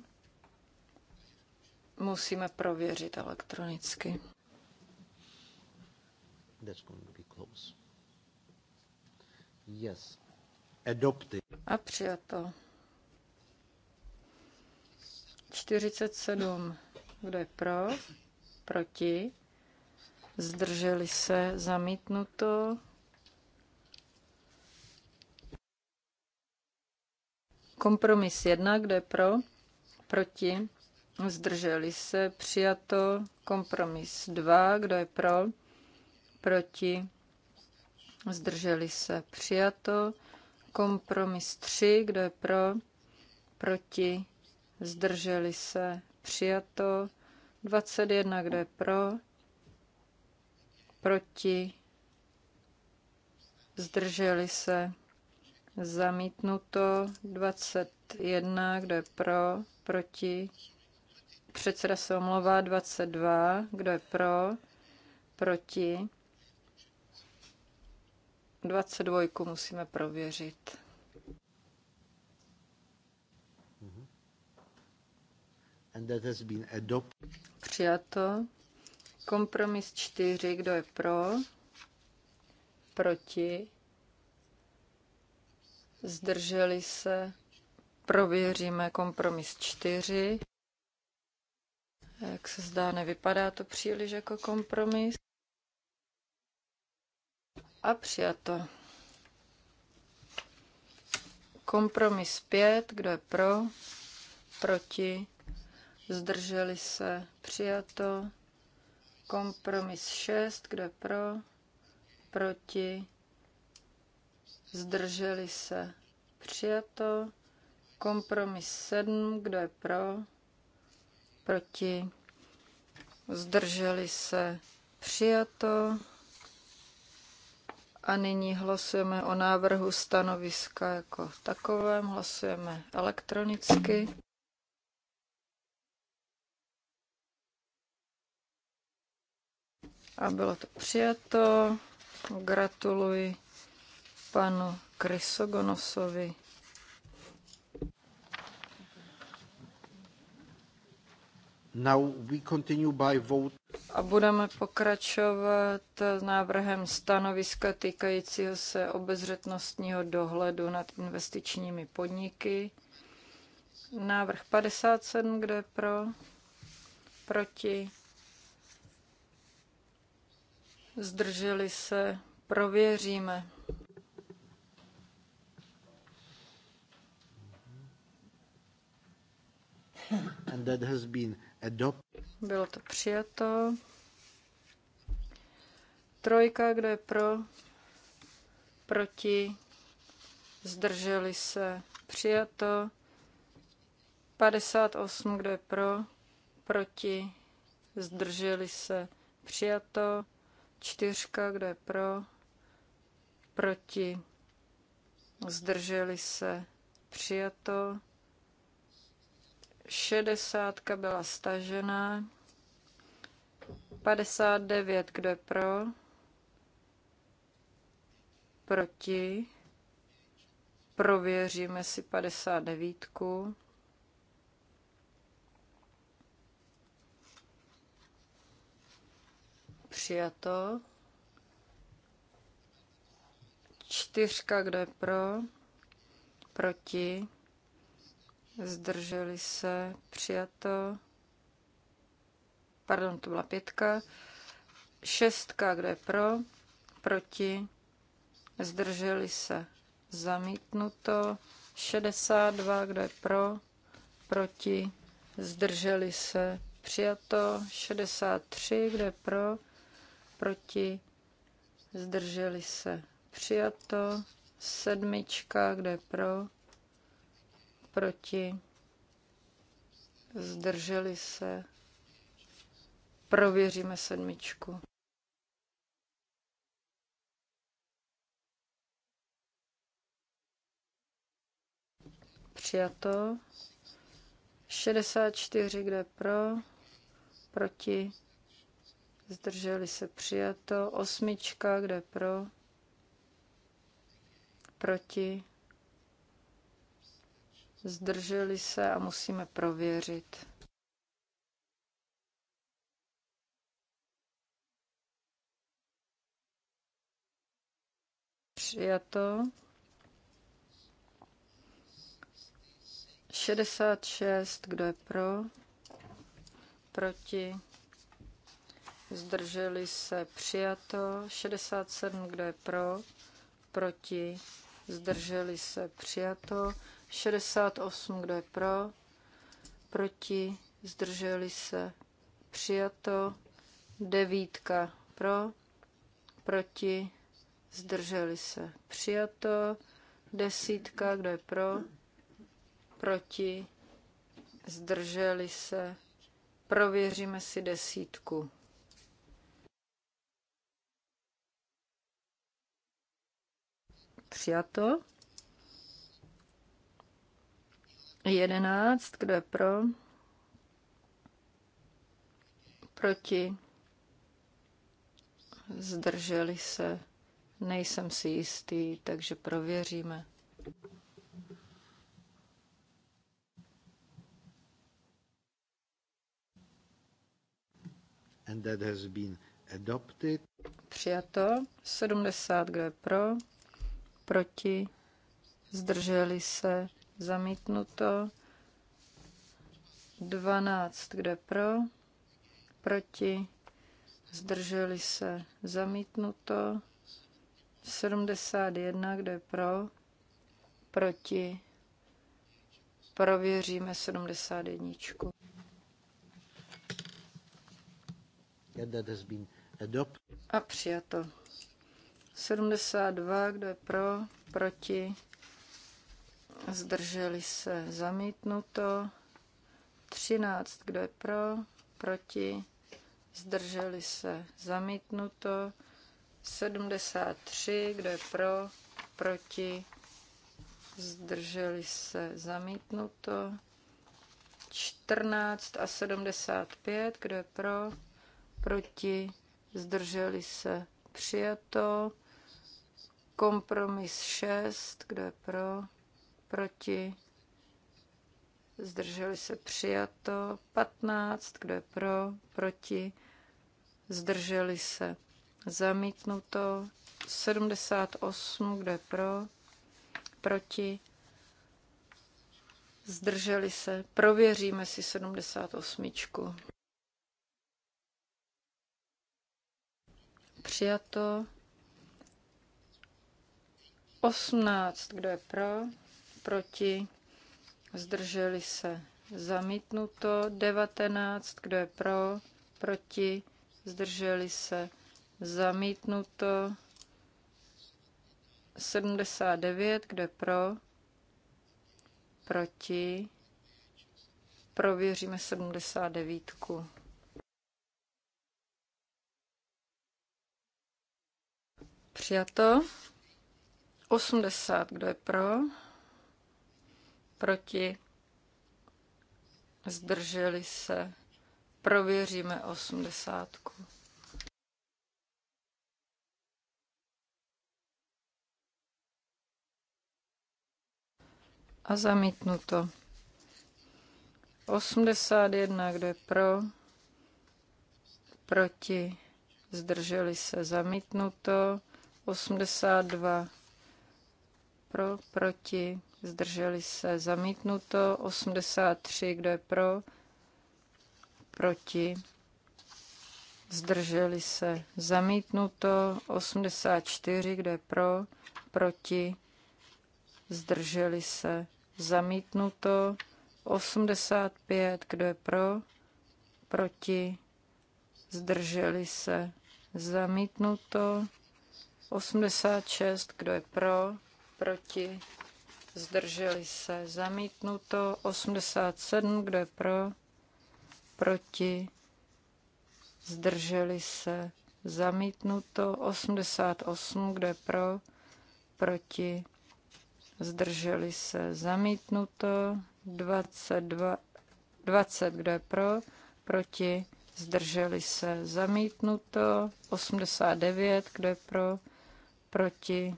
Musíme prověřit elektronicky.
That's going to be close. Yes. Adopted.
A přijato. 47. Kdo je pro? Proti? Zdrželi se? Zamítnuto? Kompromis 1, kdo je pro? Proti? Zdrželi se. Přijato. Kompromis 2, kdo je pro? Proti? Zdrželi se. Přijato. Kompromis 3, kdo je pro? Proti? Zdrželi se. Přijato. 21, kdo je pro? Proti? Zdrželi se. Zamítnuto 21, kdo je pro, proti. Předseda se omlouvá 22, kdo je pro, proti. 22 musíme prověřit.
Mhm.
And that has been
Přijato. Kompromis 4, kdo je pro, proti zdrželi se, prověříme kompromis 4. Jak se zdá, nevypadá to příliš jako kompromis. A přijato. Kompromis 5, kdo je pro, proti, zdrželi se, přijato. Kompromis 6, kdo je pro, proti, zdrželi se, přijato. Kompromis 7, kdo je pro, proti, zdrželi se, přijato. A nyní hlasujeme o návrhu stanoviska jako takovém. Hlasujeme elektronicky. A bylo to přijato. Gratuluji panu Krysogonosovi.
Now we continue by vote.
A budeme pokračovat s návrhem stanoviska týkajícího se obezřetnostního dohledu nad investičními podniky. Návrh 57, kdo je pro? Proti? Zdrželi se? Prověříme.
And that has been adopted.
Bylo to přijato. Trojka, kdo je pro? Proti? Zdrželi se? Přijato. 58, kdo je pro? Proti? Zdrželi se? Přijato. Čtyřka, kdo je pro? Proti? Zdrželi se? Přijato. 60 byla stažena. 59, kdo je pro? Proti. Prověříme si 59. Přijato. Čtyřka, kdo je pro? Proti zdrželi se, přijato. Pardon, to byla pětka. Šestka, kdo je pro, proti, zdrželi se, zamítnuto. 62, kdo je pro, proti, zdrželi se, přijato. 63, kdo je pro, proti, zdrželi se, přijato. Sedmička, kdo je pro, proti, zdrželi se, prověříme sedmičku. Přijato. 64, kde pro, proti, zdrželi se přijato. Osmička, kde pro, proti, zdrželi se a musíme prověřit. Přijato. 66, kdo je pro? Proti? Zdrželi se přijato. 67, kdo je pro? Proti? zdrželi se, přijato. 68, kdo je pro, proti, zdrželi se, přijato. Devítka pro, proti, zdrželi se, přijato. Desítka, kdo je pro, proti, zdrželi se. Prověříme si desítku. Přijato. 11. Kdo je pro? Proti? Zdrželi se? Nejsem si jistý, takže prověříme.
And that has been adopted.
Přijato. 70, kdo je pro? proti, zdrželi se, zamítnuto. 12, kde pro, proti, zdrželi se, zamítnuto. 71, kde pro, proti, prověříme 71. A přijato. 72, kdo je pro, proti, zdrželi se, zamítnuto. 13, kdo je pro, proti, zdrželi se, zamítnuto. 73, kdo je pro, proti, zdrželi se, zamítnuto. 14 a 75, kdo je pro, proti, zdrželi se, přijato. Kompromis 6, kdo je pro, proti, zdrželi se přijato. 15, kdo je pro, proti, zdrželi se zamítnuto. 78, kdo je pro, proti, zdrželi se. Prověříme si 78. Přijato. 18. Kdo je pro? Proti? Zdrželi se. Zamítnuto. 19. Kdo je pro? Proti? Zdrželi se. Zamítnuto. 79. Kdo je pro? Proti? Prověříme 79. Přijato. 80, kdo je pro? Proti? Zdrželi se? Prověříme 80. A zamítnu to. 81, kdo je pro? Proti? Zdrželi se? Zamítnu to. 82 pro, proti, zdrželi se, zamítnuto. 83, kdo je pro, proti, zdrželi se, zamítnuto. 84, kdo je pro, proti, zdrželi se, zamítnuto. 85, kdo je pro, proti, zdrželi se, zamítnuto. 86, kdo je pro, proti, zdrželi se, zamítnuto, 87, kdo je pro, proti, zdrželi se, zamítnuto, 88, kdo je pro, proti, zdrželi se, zamítnuto, 22, 20, kdo je pro, proti, zdrželi se, zamítnuto, 89, kdo je pro, proti,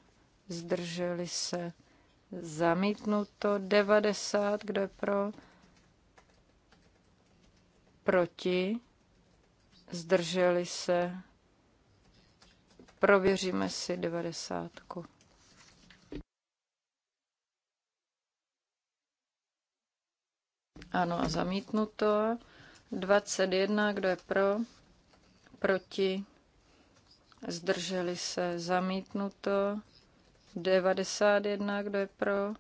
zdrželi se. Zamítnuto 90, kdo je pro, proti, zdrželi se. Prověříme si 90. Ano, a zamítnuto. 21, kdo je pro, proti, zdrželi se, zamítnuto. 91, kdo je pro,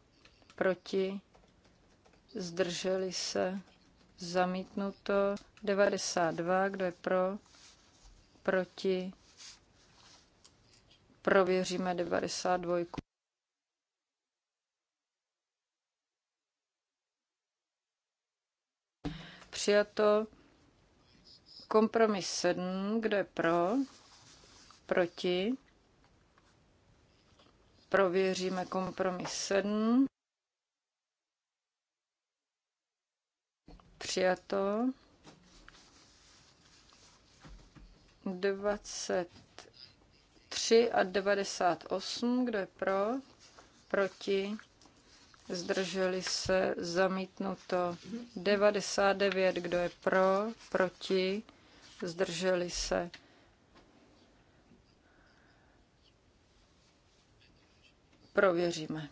proti, zdrželi se, zamítnuto. 92, kdo je pro, proti, prověříme 92. Přijato kompromis 7, kdo je pro, proti, Prověříme kompromis 7. Přijato. 23 a 98, kdo je pro, proti, zdrželi se, zamítnuto. 99, kdo je pro, proti, zdrželi se, Prověříme.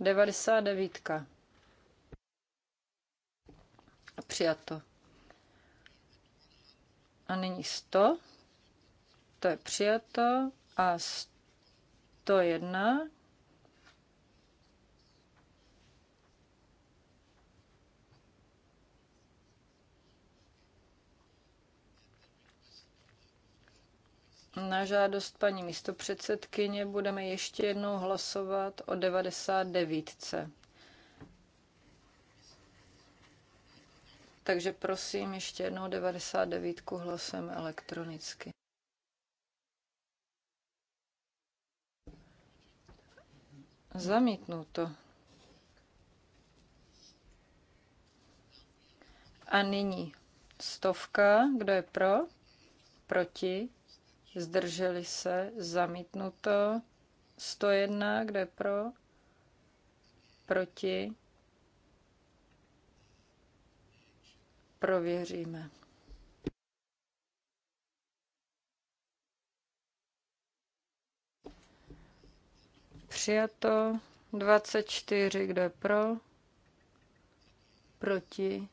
Devadesát devítka. Přijato. A nyní 100. To je přijato. A 101. Na žádost paní místopředsedkyně budeme ještě jednou hlasovat o 99. Takže prosím, ještě jednou 99 hlasem elektronicky. Zamítnuto. A nyní stovka, kdo je pro, proti, zdrželi se, zamítnuto. 101, kde pro, proti, prověříme. Přijato 24, kde pro, proti,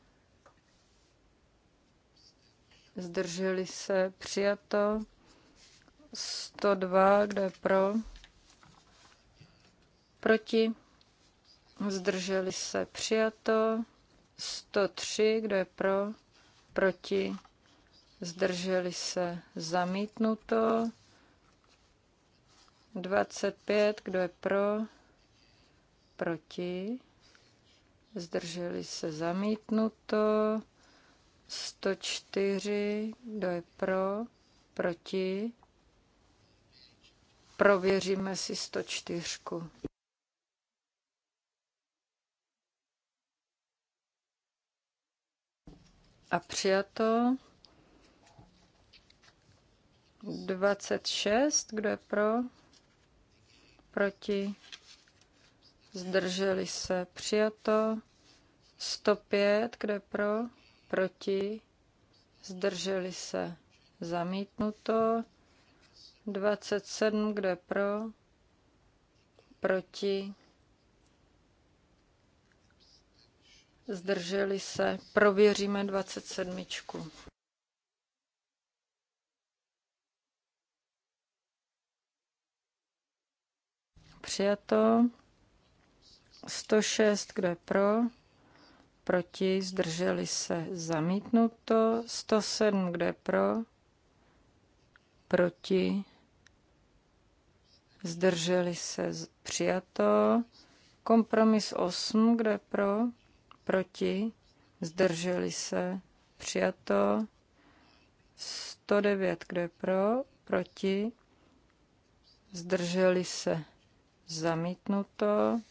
zdrželi se, přijato 102, kdo je pro? Proti? Zdrželi se přijato. 103, kdo je pro? Proti? Zdrželi se zamítnuto. 25, kdo je pro? Proti? Zdrželi se zamítnuto. 104, kdo je pro? Proti? Prověříme si 104. A přijato 26. Kdo je pro? Proti? Zdrželi se. Přijato 105. Kdo je pro? Proti? Zdrželi se. Zamítnuto. 27, kdo je pro, proti, zdrželi se, prověříme 27. Přijato. 106, kdo je pro? Proti, zdrželi se, zamítnuto. 107, kdo je pro? Proti, zdrželi se přijato. Kompromis 8, kde pro, proti, zdrželi se přijato. 109, kde pro, proti, zdrželi se zamítnuto.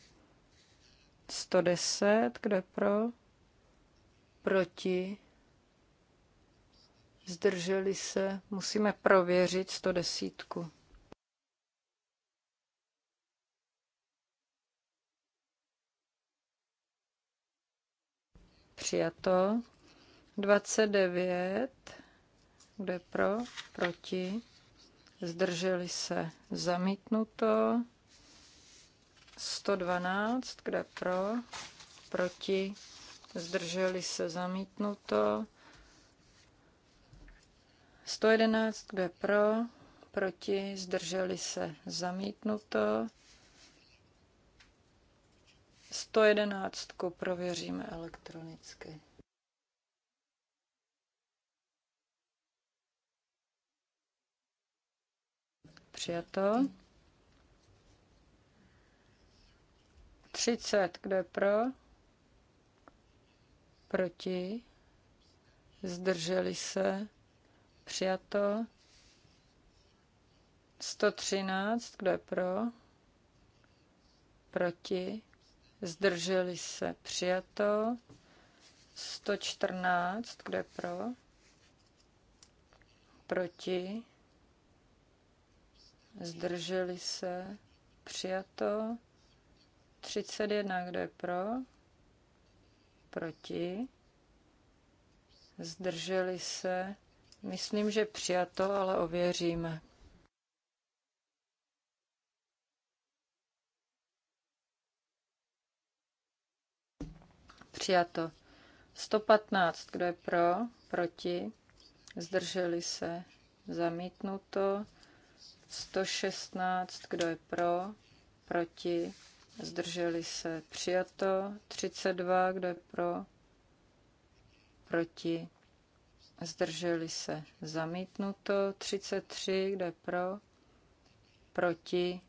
110, kde pro, proti, zdrželi se, musíme prověřit 110. Přijato. 29. Kdo je pro? Proti. Zdrželi se. Zamítnuto. 112. Kdo je pro? Proti. Zdrželi se. Zamítnuto. 111. Kdo je pro? Proti. Zdrželi se. Zamítnuto. 111 prověříme elektronicky. Přijato. 30, kdo je pro? Proti? Zdrželi se? Přijato. 113, kdo je pro? Proti? zdrželi se, přijato. 114, kde pro? Proti, zdrželi se, přijato. 31, kde pro? Proti, zdrželi se. Myslím, že přijato, ale ověříme. Přijato. 115. Kdo je pro? Proti? Zdrželi se? Zamítnuto. 116. Kdo je pro? Proti? Zdrželi se? Přijato. 32. Kdo je pro? Proti? Zdrželi se? Zamítnuto. 33. Kdo je pro? Proti?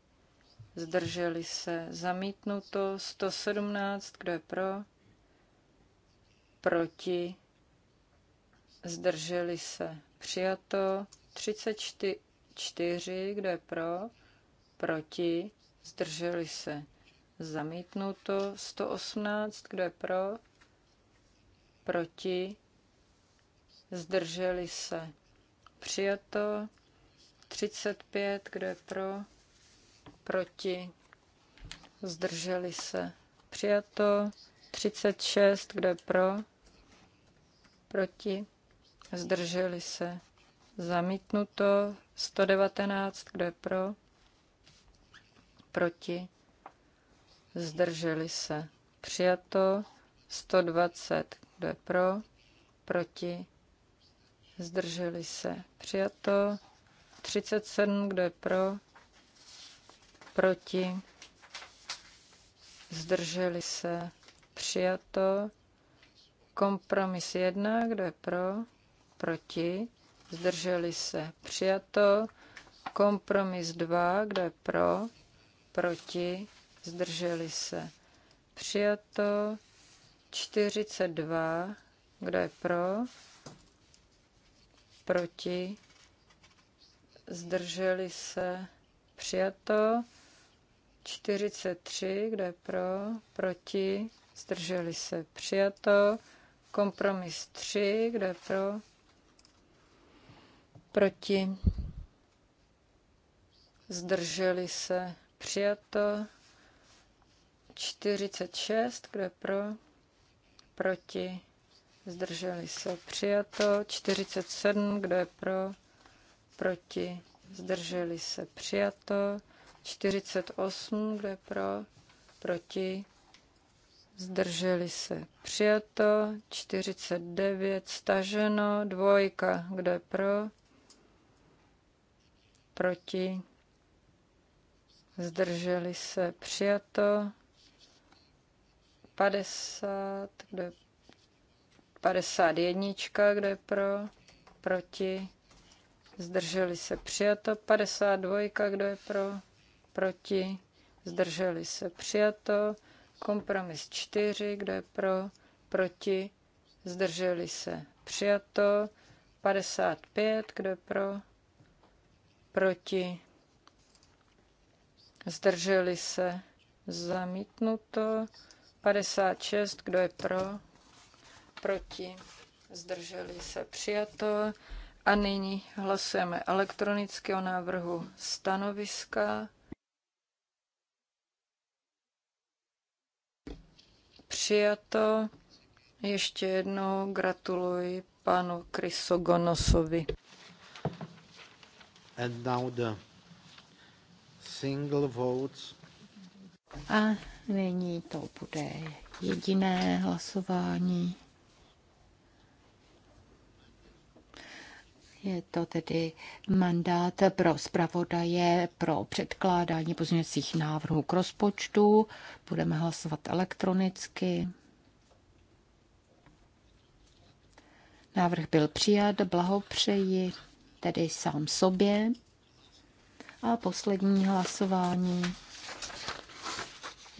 Zdrželi se? Zamítnuto. 117. Kdo je pro? Proti, proti, zdrželi se, přijato. 34, kdo je pro, proti, zdrželi se, zamítnuto. 118, kdo je pro, proti, zdrželi se, přijato. 35, kdo je pro, proti, zdrželi se, přijato. 36, kdo je pro? Proti? Zdrželi se. Zamítnuto. 119, kdo je pro? Proti? Zdrželi se. Přijato. 120, kdo je pro? Proti? Zdrželi se. Přijato. 37, kdo je pro? Proti? Zdrželi se přijato. Kompromis 1, kdo je pro, proti, zdrželi se, přijato. Kompromis 2, kdo je pro, proti, zdrželi se, přijato. 42, kdo je pro, proti, zdrželi se, přijato. 43, kdo je pro, proti, zdrželi se přijato. Kompromis 3, kdo je pro? Proti, zdrželi se přijato. 46, kdo je pro? Proti, zdrželi se přijato. 47, kdo je pro? Proti, zdrželi se přijato. 48, kdo je pro? Proti, zdrželi se přijato, 49 staženo, dvojka, kdo je pro, proti, zdrželi se přijato, 50, kdo je 51, kdo je pro, proti, zdrželi se přijato, 52, kdo je pro, proti, zdrželi se přijato, Kompromis 4, kdo je pro, proti, zdrželi se, přijato. 55, kdo je pro, proti, zdrželi se, zamítnuto. 56, kdo je pro, proti, zdrželi se, přijato. A nyní hlasujeme elektronicky o návrhu stanoviska. Přijato. Ještě jednou gratuluji panu Krysogonosovi.
And now the single votes.
A nyní to bude jediné hlasování. Je to tedy mandát pro zpravodaje pro předkládání pozměňovacích návrhů k rozpočtu. Budeme hlasovat elektronicky. Návrh byl přijat, blahopřeji tedy sám sobě. A poslední hlasování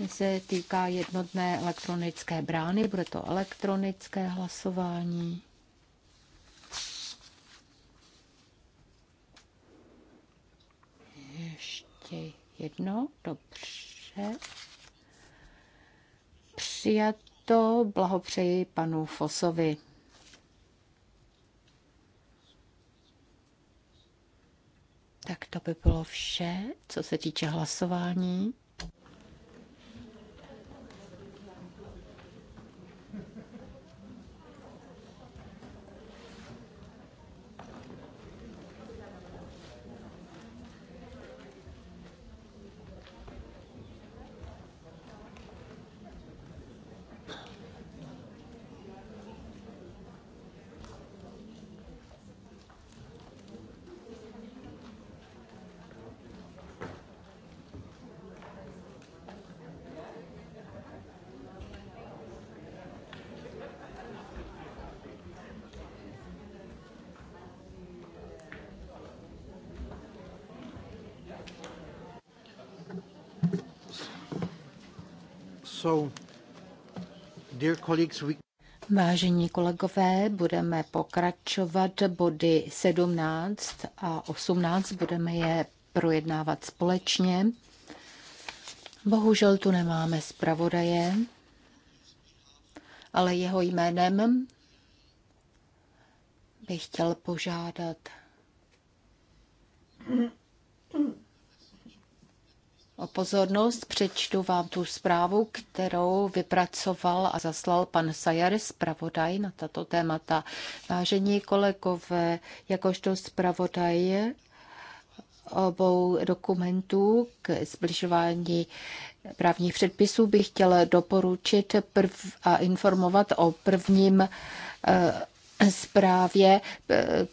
se týká jednotné elektronické brány, bude to elektronické hlasování. ještě jedno, dobře. Přijato, blahopřeji panu Fosovi. Tak to by bylo vše, co se týče hlasování.
So, dear colleagues, we...
Vážení kolegové, budeme pokračovat body 17 a 18, budeme je projednávat společně. Bohužel tu nemáme zpravodaje, ale jeho jménem bych chtěl požádat pozornost. Přečtu vám tu zprávu, kterou vypracoval a zaslal pan Sajar, zpravodaj na tato témata. Vážení kolegové, jakožto zpravodaj obou dokumentů k zbližování právních předpisů bych chtěla doporučit prv a informovat o prvním eh, zprávě eh,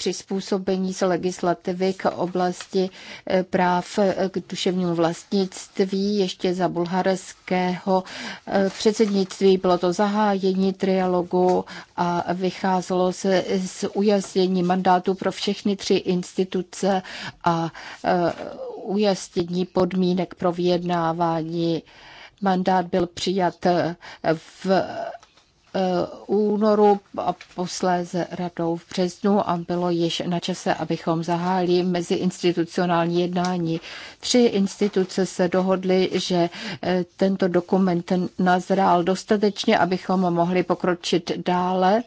přizpůsobení z legislativy k oblasti eh, práv eh, k duševnímu vlastnictví ještě za bulharského eh, předsednictví. Bylo to zahájení trialogu a vycházelo se z ujasnění mandátu pro všechny tři instituce a ujasnění podmínek pro vyjednávání. Mandát byl přijat v Eh, únoru a posléze radou v březnu a bylo již na čase, abychom zahájili meziinstitucionální jednání. Tři instituce se dohodly, že eh, tento dokument nazrál dostatečně, abychom mohli pokročit dále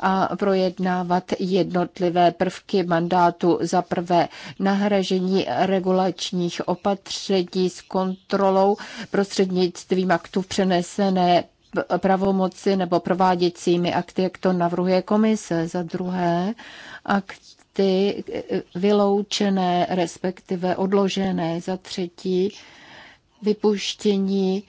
a projednávat jednotlivé prvky mandátu za prvé nahražení regulačních opatření s kontrolou prostřednictvím aktu přenesené pravomoci nebo prováděcími akty, jak to navrhuje komise. Za druhé, akty vyloučené, respektive odložené. Za třetí, vypuštění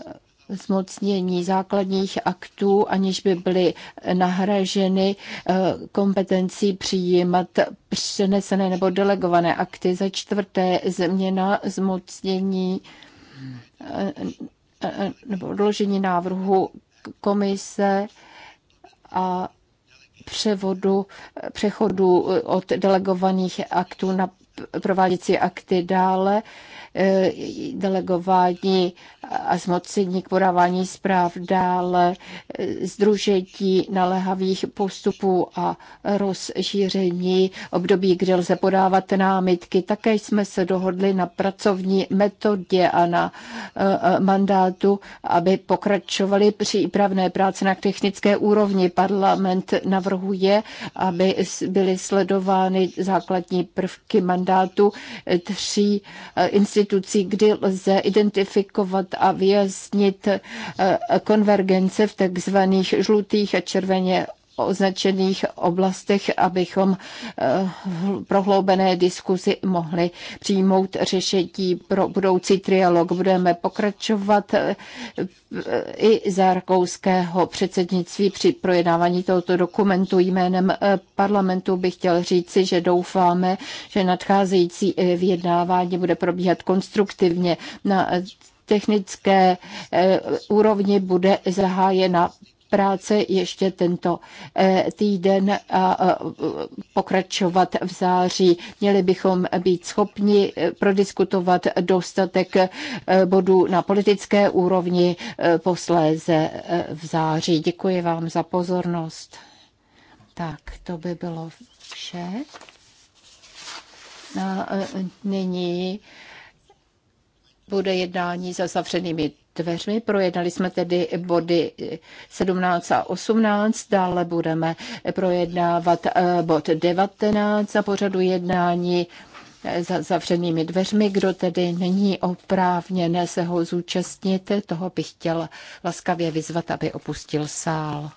eh, zmocnění základních aktů, aniž by byly nahraženy eh, kompetencí přijímat přenesené nebo delegované akty. Za čtvrté změna zmocnění eh, Eh, nebo odložení návrhu komise a převodu, přechodu eh, od delegovaných aktů na prováděcí akty dále, eh, delegování a zmocnění k podávání zpráv dále združení nalehavých postupů a rozšíření období, kde lze podávat námitky. Také jsme se dohodli na pracovní metodě a na eh, eh, mandátu, aby pokračovaly přípravné práce na technické úrovni. Parlament navrhuje, aby byly sledovány základní prvky mandátu tří eh, institucí, kdy lze identifikovat a vyjasnit eh, konvergence v takzvaných žlutých a červeně označených oblastech, abychom v eh, prohloubené diskuzi mohli přijmout řešení pro budoucí trialog. Budeme pokračovat eh, i za rakouského předsednictví při projednávání tohoto dokumentu jménem parlamentu bych chtěl říci, že doufáme, že nadcházející vyjednávání bude probíhat konstruktivně na technické eh, úrovni bude zahájena práce ještě tento eh, týden a eh, pokračovat v září. Měli bychom být schopni prodiskutovat dostatek bodů na politické úrovni posléze v září. Děkuji vám za pozornost. Tak, to by bylo vše. A nyní bude jednání za zavřenými dveřmi. Projednali jsme tedy body 17 a 18, dále budeme projednávat eh, bod 19 za pořadu jednání eh, za zavřenými dveřmi. Kdo tedy není oprávněn se ho zúčastnit, toho bych chtěl laskavě vyzvat, aby opustil sál.